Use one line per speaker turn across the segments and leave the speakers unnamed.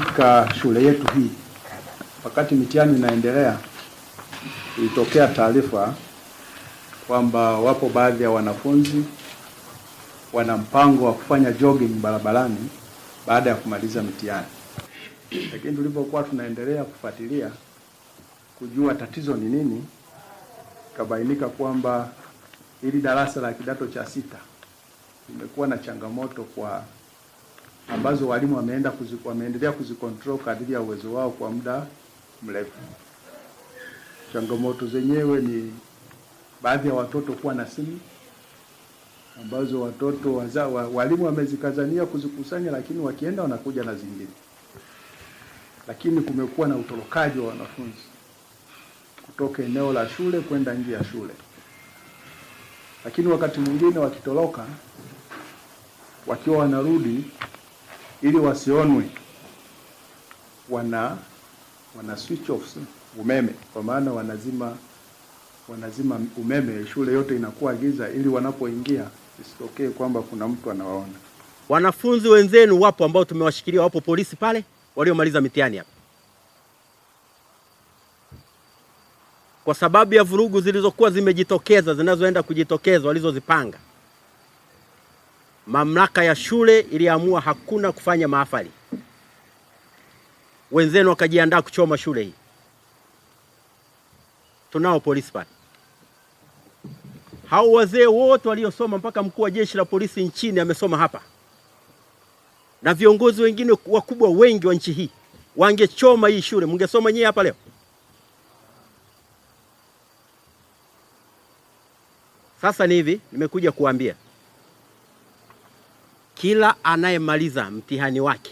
Katika shule yetu hii, wakati mitihani inaendelea, ilitokea taarifa kwamba wapo baadhi ya wanafunzi wana mpango wa kufanya jogging barabarani baada ya kumaliza mitihani. Lakini tulipokuwa tunaendelea kufuatilia kujua tatizo ni nini, ikabainika kwamba hili darasa la kidato cha sita limekuwa na changamoto kwa ambazo walimu wameenda kuziku, wameendelea kuzikontrol kadiri ya uwezo wao kwa muda mrefu. Changamoto zenyewe ni baadhi ya watoto kuwa na simu ambazo watoto waza, walimu wamezikazania kuzikusanya, lakini wakienda wanakuja na zingine. Lakini kumekuwa na utorokaji wa wanafunzi kutoka eneo la shule kwenda nje ya shule, lakini wakati mwingine wakitoroka wakiwa wanarudi ili wasionwe wana wana switch off umeme, kwa maana wanazima wanazima umeme, shule yote inakuwa giza, ili wanapoingia isitokee kwamba kuna mtu anawaona.
Wanafunzi wenzenu wapo ambao tumewashikilia, wapo polisi pale waliomaliza mitihani hapa, kwa sababu ya vurugu zilizokuwa zimejitokeza, zinazoenda kujitokeza, walizozipanga mamlaka ya shule iliamua hakuna kufanya mahafali, wenzenu wakajiandaa kuchoma shule hii. Tunao polisi pale, hao wazee wote waliosoma, mpaka mkuu wa jeshi la polisi nchini amesoma hapa, na viongozi wengine wakubwa wengi wa nchi hii. Wangechoma hii shule, mngesoma nyie hapa leo? Sasa ni hivi, nimekuja kuambia kila anayemaliza mtihani wake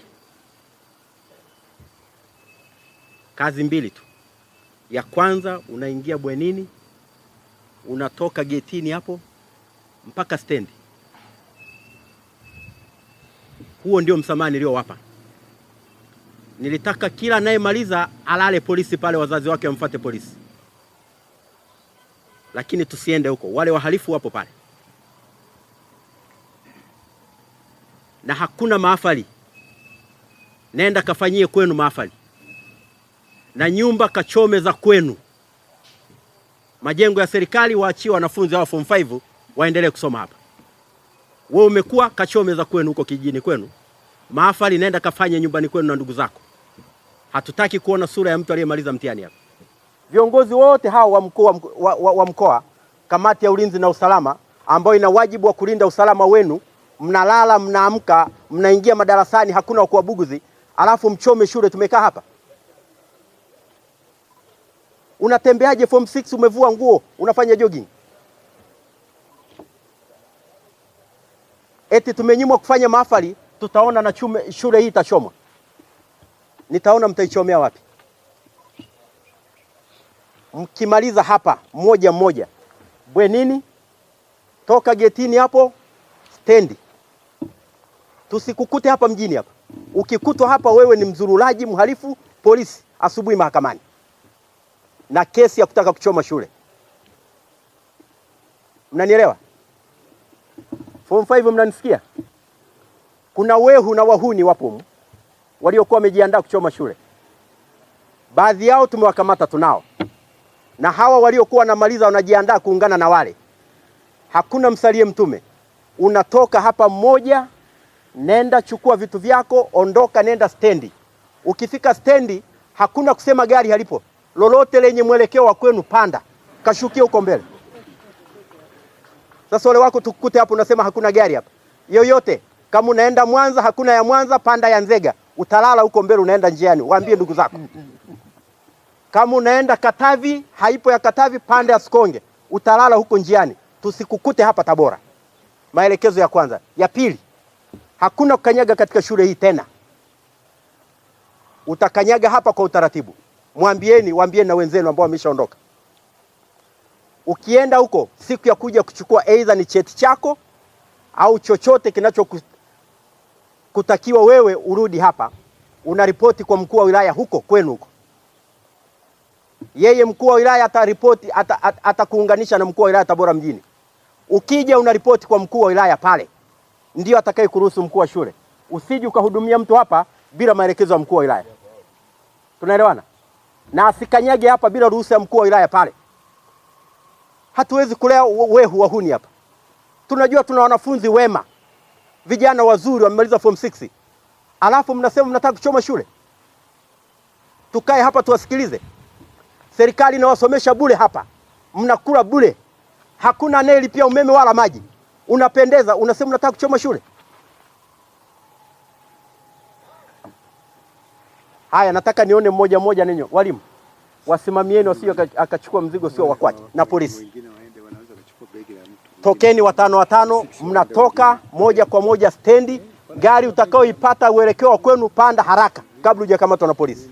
kazi mbili tu. Ya kwanza unaingia bwenini, unatoka getini hapo mpaka stendi. Huo ndio msamaha niliowapa. Nilitaka kila anayemaliza alale polisi pale, wazazi wake wamfuate polisi, lakini tusiende huko, wale wahalifu wapo pale. na hakuna maafali. Nenda kafanyie kwenu maafali, na nyumba kachome za kwenu. Majengo ya serikali waachie wanafunzi wa form 5 waendelee kusoma hapa. Wewe umekuwa kachome za kwenu huko kijijini kwenu, maafali nenda kafanye nyumbani kwenu na ndugu zako. Hatutaki kuona sura ya mtu aliyemaliza mtihani hapa. Viongozi wote hao wa mkoa wa, wa, wa mkoa, kamati ya ulinzi na usalama ambayo ina wajibu wa kulinda usalama wenu mnalala, mnaamka, mnaingia madarasani, hakuna wa kuwabugudhi, alafu mchome shule. Tumekaa hapa, unatembeaje form 6 umevua nguo, unafanya jogging? Eti tumenyimwa kufanya mahafali, tutaona na chume, shule hii itachomwa. Nitaona mtaichomea wapi? Mkimaliza hapa mmoja mmoja, bwenini, toka getini hapo stendi, tusikukute hapa mjini hapa. Ukikutwa hapa wewe ni mzurulaji, mhalifu, polisi, asubuhi mahakamani na kesi ya kutaka kuchoma shule. Mnanielewa? Form 5 mnanisikia? Kuna wehu na wahuni wapo waliokuwa wamejiandaa kuchoma shule. Baadhi yao tumewakamata, tunao na hawa waliokuwa wanamaliza wanajiandaa kuungana na wale. Hakuna msalie mtume, unatoka hapa mmoja nenda chukua vitu vyako, ondoka, nenda stendi. Ukifika stendi, hakuna kusema gari halipo. Lolote lenye mwelekeo wa kwenu, panda, kashukia huko mbele. Sasa wale wako tukukute hapo, unasema hakuna gari hapa yoyote. Kama unaenda Mwanza, hakuna ya Mwanza, panda ya Nzega, utalala huko mbele, unaenda njiani, waambie ndugu zako. Kama unaenda Katavi, haipo ya Katavi, panda ya Sikonge, utalala huko njiani. Tusikukute hapa Tabora. Maelekezo ya kwanza. Ya pili Hakuna kukanyaga katika shule hii tena, utakanyaga hapa kwa utaratibu. Mwambieni, waambieni na wenzenu ambao wameshaondoka. Ukienda huko siku ya kuja kuchukua aidha ni cheti chako au chochote kinachokutakiwa wewe urudi hapa, unaripoti kwa mkuu wa wilaya huko kwenu huko. Yeye mkuu wa wilaya ataripoti, atakuunganisha ata na mkuu wa wilaya Tabora mjini. Ukija unaripoti kwa mkuu wa wilaya pale ndio atakaye kuruhusu mkuu wa shule. Usije ukahudumia mtu hapa bila maelekezo ya mkuu wa wilaya, tunaelewana? Na asikanyage hapa bila ruhusa ya mkuu wa wilaya pale. Hatuwezi kulea wehu wahuni hapa. Tunajua tuna wanafunzi wema, vijana wazuri, wamemaliza form 6 alafu mnasema mnataka kuchoma shule. Tukae hapa tuwasikilize? Serikali inawasomesha bure hapa, mnakula bure, hakuna anayelipia umeme wala maji unapendeza, unasema unataka kuchoma shule. Haya, nataka nione mmoja mmoja ninyo walimu wasimamieni, wasio akachukua mzigo sio wakwache, na polisi tokeni watano watano, mnatoka moja kwa moja stendi. Gari utakaoipata uelekeo wa kwenu, panda haraka kabla hujakamatwa na polisi.